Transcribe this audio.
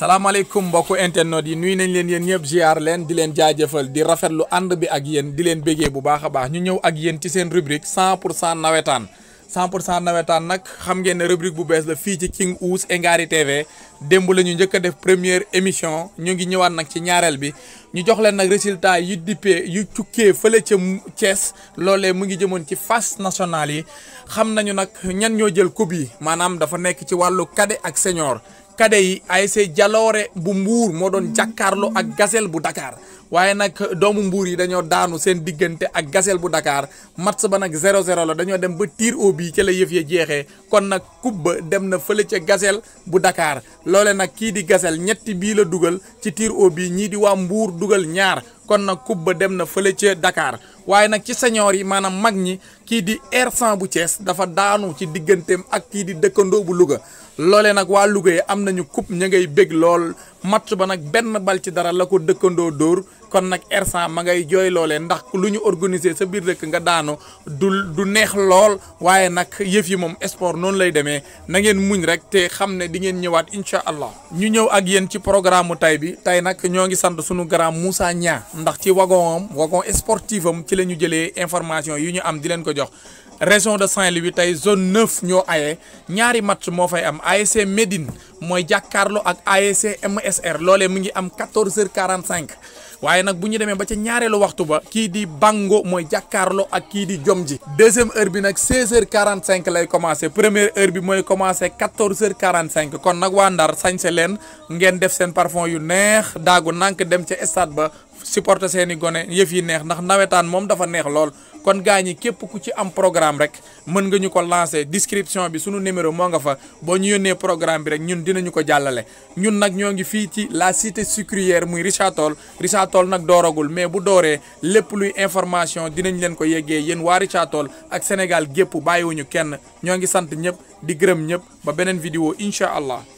salaamaaleykum mbokku internet yi nuy nañ leen yéen ñëpp ziar leen di leen jaajëfal di rafetlu ànd bi ak yéen di leen bégee bu baax a baax ñu ñëw ak yéen ci seen rubrique cent pour cent nawetaan 100 pour cent nawetaan nag xam ngeen ne rubrique bu bees la fii ci King Ouse et TV démb la ñu njëkk a def première émission ñu ngi ñëwaat nag ci ñaareel bi ñu jox leen nag résultat yu dippee yu cukkee fële ca Thiès loolee mu ngi jëmoon ci fas nationale yi xam nañu nag ñan ñoo jël coupe yi maanaam dafa nekk ci wàllu cadet ak senior. kade yi ASC Jaloore bu Mbuur moo doon jàkkaarloo ak Gazelle bu Dakar waaye nag doomu Mbuur yi dañoo daanu seen diggante ak gasel bu dakaar match ba nag 0-0 la dañoo dem ba tiir au but ca la yëf ya jeexee kon nag coupe ba dem na fële ca Gazelle bu dakaar loole nag kii di gasel ñetti bii la dugal ci tiir au but ñii di waa Mbuur dugal ñaar kon nag coupe ba dem na fële ca dakaar waaye nag ci senior yi maanaam mag ñi kii di R100 bu cees dafa daanu ci digganteem ak kii di dëkkandoo bu Louga loolee nag waa Louga yi am ñu coupe ña ngay bég lool match ba nag benn bal ci dara la ko dëkkandoo dóor kon nag R100 ma ngay jooy loolee ndax lu ñu organiser sa biir dëkk nga daanu du du neex lool waaye nag yëf yi moom sport noonu lay demee na ngeen muñ rek te xam ne di ngeen ñëwaat incha allah ñu ñëw ak yéen ci programme mu tey bi tey nag ñoo ngi sant sunu grand Moussa Niang ndax ci wagon am wagon sportif am ci la ñu jëlee information yi ñu am di leen ko jox région de Saint-Louis tey zone neuf ñoo aye ñaari match moo fay am ASC Médine mooy jàkkaarloo ak ASC MSR loole mu ngi am 14h45 waaye nag bu ñu demee ba ca ñaareelu waxtu ba kii di Bango mooy jàkkaarloo ak kii di Jom ji deuxième heure bi nag 16h45 lay commencé première heure bi mooy commencé 14h45 kon nag waa Ndar se leen ngeen def seen parfum yu neex daagu nànk dem ca stade ba. supporter seen i gone yëf yi neex ndax nawetaan moom dafa neex lool kon gaa ñi képp ku ci am programme rek mën nga ñu ko lancer description bi sunu numéro moo nga fa boo ñu yónnee programme bi rek ñun dinañu ko jàllale ñun nag ñoo ngi fii ci la cité sucrière muy Richard Toll Richard Toll nag dooragul mais bu dooree lépp luy information dinañ leen ko yeggee yéen waa Richard Toll ak Sénégal gépp bàyyiwuñu kenn ñoo ngi sant ñëpp di gërëm ñëpp ba beneen vidéo incha allah